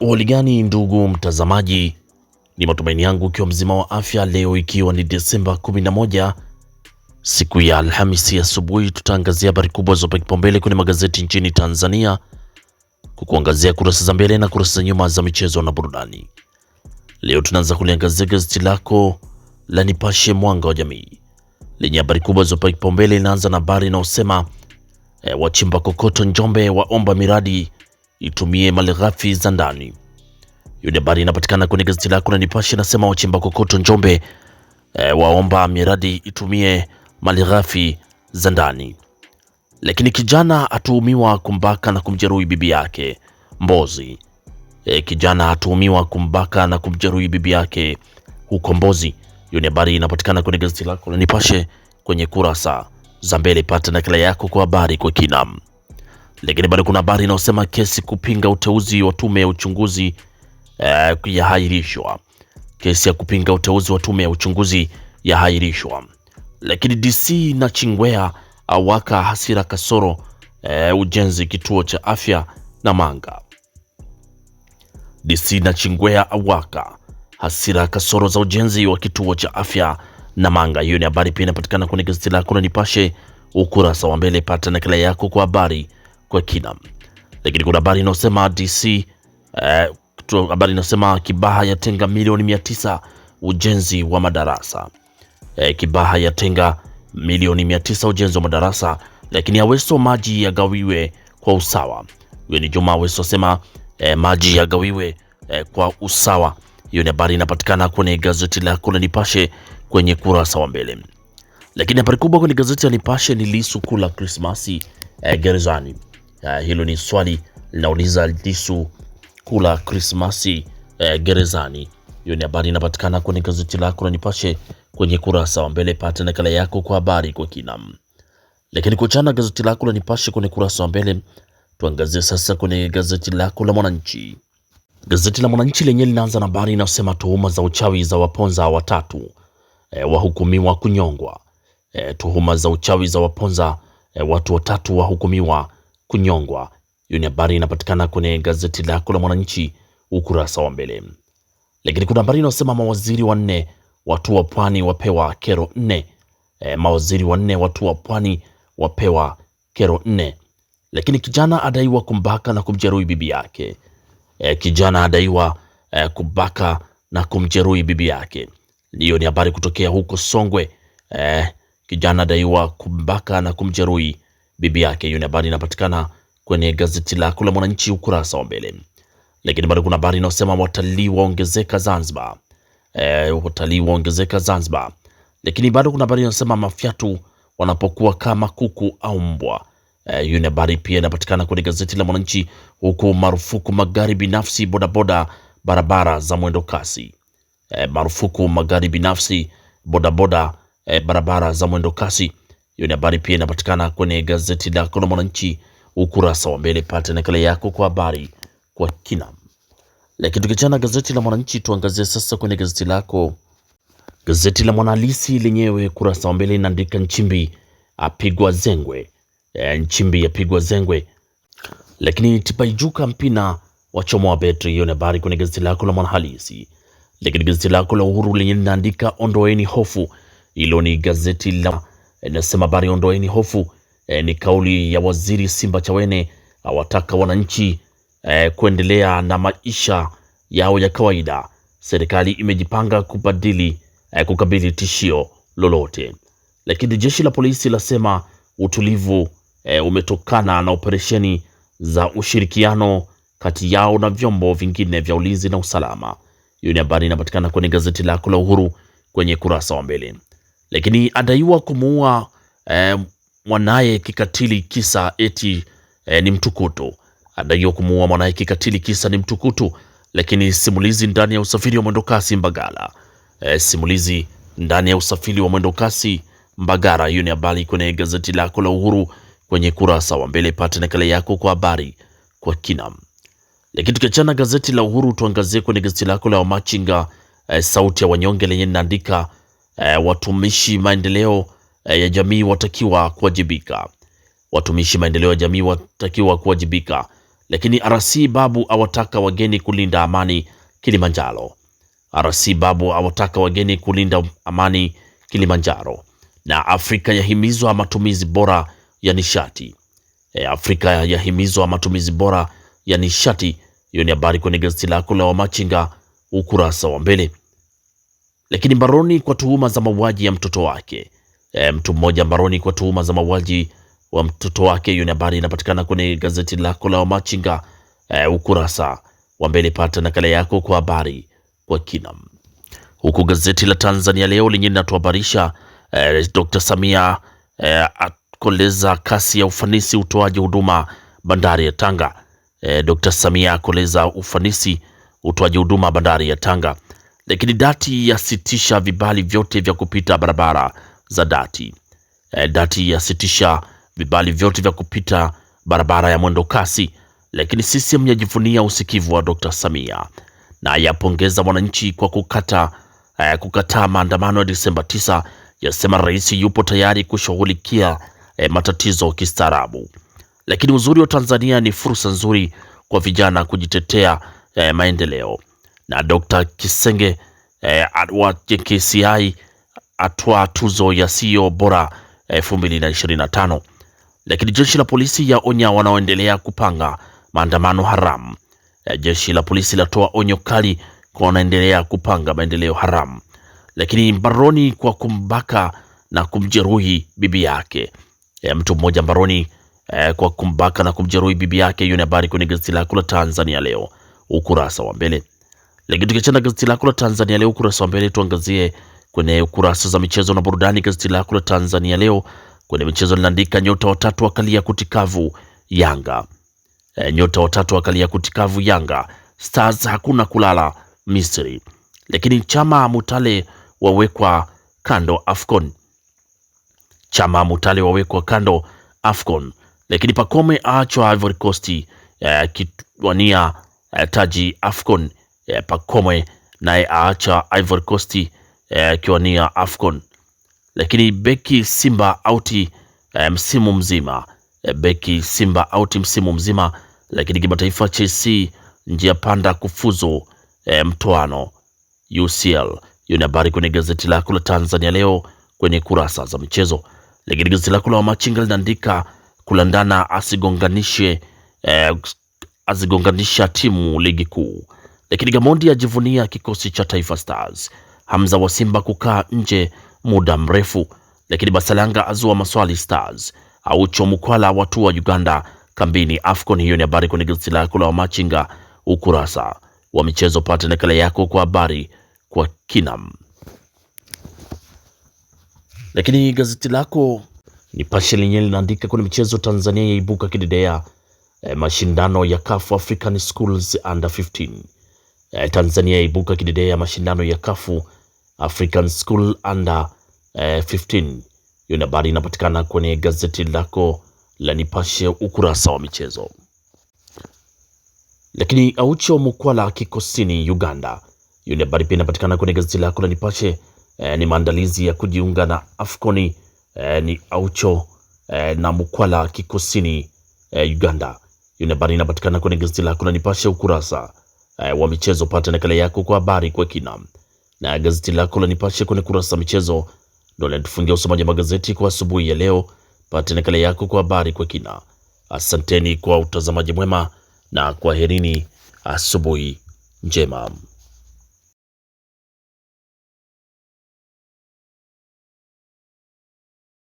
Uhaligani ndugu mtazamaji, ni matumaini yangu ikiwa mzima wa afya leo, ikiwa ni Desemba 11 siku ya Alhamisi asubuhi, tutaangazia habari kubwa zopa kipaumbele kwenye magazeti nchini Tanzania, kukuangazia kurasa za mbele na kurasa za nyuma za michezo na burudani. Leo tunaanza kuliangazia gazeti lako la Nipashe Mwanga wa Jamii lenye habari kubwa zopa kipaumbele. Inaanza na habari inayosema e, wachimba kokoto Njombe waomba miradi itumie malighafi za ndani. Hiyo ni habari inapatikana kwenye gazeti lako la Nipashe, nasema wachimba kokoto Njombe e, waomba miradi itumie malighafi za ndani. Lakini kijana atuhumiwa kumbaka na kumjeruhi bibi yake Mbozi. E, kijana atuhumiwa kumbaka na kumjeruhi bibi yake huko Mbozi. Hiyo ni habari inapatikana kwenye gazeti lako la Nipashe kwenye kurasa za mbele. Pata nakala yako kwa habari kwa kinam. Lakini bado kuna habari inayosema kesi kupinga uteuzi wa tume ya uchunguzi eh, yahairishwa. Kesi ya kupinga uteuzi wa tume ya uchunguzi yahairishwa. Lakini DC na Chingwea awaka hasira kasoro eh, ujenzi kituo cha afya na manga. DC na Chingwea awaka hasira kasoro za ujenzi wa kituo cha afya na manga. Hiyo ni habari pia inapatikana kwenye gazeti lako la Nipashe ukurasa wa mbele. Pata nakala yako kwa habari kwa kina. Lakini kuna habari inayosema DC eh, habari eh, inayosema Kibaha yatenga milioni mia tisa ujenzi wa madarasa eh, Kibaha yatenga milioni mia tisa ujenzi wa madarasa, lakini Aweso maji yagawiwe kwa usawa. Huyo ni Juma Aweso asema eh, maji yagawiwe eh, kwa usawa. Hiyo ni habari inapatikana kwenye gazeti la kule Nipashe kwenye kurasa wa mbele, lakini habari kubwa kwenye gazeti la Nipashe ni lisu kula Krismasi eh, gerezani Uh, hilo ni swali linauliza Lisu kula Krismasi uh, gerezani. Hiyo ni habari inapatikana kwenye gazeti lako la Nipashe kwenye kurasa wa mbele. Pata nakala yako kwa habari kwa kina. Lakini kuachana gazeti lako la Nipashe kwenye kurasa wa mbele, tuangazie sasa kwenye gazeti lako la Mwananchi. Gazeti la Mwananchi lenye linaanza na habari inayosema tuhuma za uchawi za waponza watatu e, wahukumiwa kunyongwa. E, tuhuma za uchawi za waponza e, watu watatu wahukumiwa kunyongwa. Hiyo ni habari inapatikana kwenye gazeti lako la Mwananchi ukurasa wa mbele, lakini kuna habari inayosema mawaziri wanne watu wa pwani wapewa kero nne. E, mawaziri wanne watu wa pwani wapewa kero nne. Lakini kijana adaiwa kumbaka na kumjeruhi bibi yake. E, kijana adaiwa e, eh, kubaka na kumjeruhi bibi yake. Hiyo ni habari kutokea huko Songwe. E, kijana adaiwa kumbaka na kumjeruhi bibi yake. Hiyo ni habari inapatikana kwenye gazeti la la Mwananchi ukurasa wa mbele, lakini bado kuna habari inayosema watalii waongezeka Zanzibar. E, watalii waongezeka Zanzibar, lakini bado kuna habari inayosema mafyatu wanapokuwa kama kuku au mbwa. E, hiyo ni habari pia inapatikana kwenye gazeti la Mwananchi, huku marufuku magari binafsi bodaboda barabara za mwendo kasi. E, marufuku magari binafsi bodaboda e, barabara za mwendo kasi. Hiyo ni habari pia inapatikana kwenye gazeti lako la Mwananchi ukurasa wa mbele, pata nakala yako kwa habari kwa kina. Lakini tukichana gazeti la Mwananchi, tuangazie sasa kwenye gazeti lako gazeti la Mwanahalisi lenyewe kurasa wa mbele inaandika Nchimbi apigwa zengwe. E, Nchimbi apigwa zengwe, lakini Tibaijuka Mpina wachomo wa betri. Hiyo ni habari kwenye gazeti lako la Mwanahalisi. Lakini gazeti lako la Uhuru lenyewe linaandika ondoeni hofu. Hilo ni gazeti la inasema eh, bari ondoeni hofu e, ni kauli ya waziri Simba Chawene awataka wananchi e, kuendelea na maisha yao ya kawaida. Serikali imejipanga kubadili e, kukabili tishio lolote. Lakini jeshi la polisi lasema utulivu e, umetokana na operesheni za ushirikiano kati yao na vyombo vingine vya ulinzi na usalama. Hiyo ni habari inapatikana kwenye gazeti lako la Uhuru kwenye kurasa wa mbele lakini adaiwa kumuua e, mwanaye kikatili kisa eti e, ni mtukutu. Adaiwa kumuua mwanaye kikatili kisa ni mtukutu. Lakini simulizi ndani ya usafiri wa mwendokasi Mbagala. e, simulizi ndani ya usafiri wa mwendokasi Mbagara. Hiyo ni habari kwenye gazeti lako la Uhuru kwenye kurasa wa mbele, pata nakala yako kwa habari kwa kina. Lakini tukiachana gazeti la Uhuru, tuangazie kwenye gazeti lako la Wamachinga e, sauti ya wanyonge lenye linaandika e, watumishi maendeleo e, ya jamii watakiwa kuwajibika. Watumishi maendeleo ya jamii watakiwa kuwajibika. Lakini RC Babu awataka wageni kulinda amani Kilimanjaro. RC Babu awataka wageni kulinda amani Kilimanjaro. Na Afrika yahimizwa matumizi bora ya nishati. E, Afrika yahimizwa matumizi bora ya nishati. Hiyo ni habari kwenye gazeti lako la Wamachinga ukurasa wa mbele lakini mbaroni kwa tuhuma za mauaji ya mtoto wake. E, mtu mmoja mbaroni kwa tuhuma za mauaji wa mtoto wake. Hiyo ni habari inapatikana kwenye gazeti lako la Wamachinga e, ukurasa wa mbele. Pata nakala yako kwa habari kwa kina, huku gazeti la Tanzania Leo lenyewe linatuhabarisha e, eh, Dr. Samia e, akoleza kasi ya ufanisi utoaji huduma bandari ya Tanga. E, Dr. Samia akoleza ufanisi utoaji huduma bandari ya Tanga lakini dati yasitisha vibali vyote vya kupita barabara za dati. E, dati yasitisha vibali vyote vya kupita barabara ya mwendo kasi, lakini CCM yajivunia usikivu wa Dr. Samia na yapongeza wananchi kwa kukata eh, kukataa maandamano ya Disemba 9, yasema rais yupo tayari kushughulikia eh, matatizo kistaarabu. Lakini uzuri wa Tanzania ni fursa nzuri kwa vijana kujitetea eh, maendeleo na Dr. Kisenge eh, wa KCI atwa tuzo ya CEO bora 2025. E, eh, lakini jeshi la polisi ya onya wanaoendelea kupanga maandamano haramu. Eh, jeshi la polisi latoa onyo kali kwa wanaendelea kupanga maendeleo haramu. Lakini mbaroni kwa kumbaka na kumjeruhi bibi yake. Eh, mtu mmoja mbaroni eh, kwa kumbaka na kumjeruhi bibi yake. Hiyo ni habari kwenye gazeti lako la Tanzania leo ukurasa wa mbele. Lakini tukiachana gazeti lako la Tanzania Leo ukurasa wa mbele, tuangazie kwenye kurasa za michezo na burudani. Gazeti lako la Tanzania Leo kwenye michezo linaandika nyota watatu wakalia kutikavu Yanga. E, nyota watatu wakalia kutikavu Yanga. Stars hakuna kulala Misri. Lakini Chama Mutale wawekwa kando Afcon. Chama Mutale wawekwa kando Afcon. Lakini pakome aachwa Ivory Coast, e, kitwania e, taji Afcon eh, Pacome naye aacha Ivory Coast e, akiwa eh, nia Afcon. Lakini beki Simba auti eh, msimu mzima eh, beki Simba auti msimu mzima. Lakini kimataifa Chelsea njia panda kufuzu eh, mtoano UCL. Hiyo ni habari kwenye gazeti lako la Tanzania leo kwenye kurasa za michezo. Lakini gazeti lako la Wamachinga linaandika kulandana asigonganishe eh, azigonganisha timu ligi kuu lakini Gamondi ajivunia kikosi cha Taifa Stars. Hamza wa Simba kukaa nje muda mrefu, lakini Basalanga azua maswali Stars. Aucho watu wa Uganda kambini AFCON. Hiyo ni habari kwenye gazeti lako la Wamachinga ukurasa wa michezo. Pata nakala yako kwa habari kwa kinam. Lakini gazeti lako Nipashe lenyewe linaandika kwenye michezo, Tanzania yaibuka kidedea eh, mashindano ya CAF African Schools Under 15 eh, Tanzania ibuka kidedea ya mashindano ya kafu African School Under eh, 15. Hiyo habari inapatikana kwenye gazeti lako la Nipashe ukurasa wa michezo. Lakini Aucho Mukwala kikosini Uganda. Hiyo habari pia inapatikana kwenye gazeti lako la Nipashe. Eh, ni maandalizi ya kujiunga na Afconi eh, ni Aucho eh, na Mukwala kikosini eh, Uganda. Hiyo habari inapatikana kwenye gazeti lako la Nipashe ukurasa wa michezo. Pata nakala yako kwa habari kwa kina na gazeti lako la Nipashe kwenye kurasa za michezo ndio linatufungia usomaji wa magazeti kwa asubuhi ya leo. Pata nakala yako kwa habari kwa kina. Asanteni kwa utazamaji mwema na kwaherini, asubuhi njema.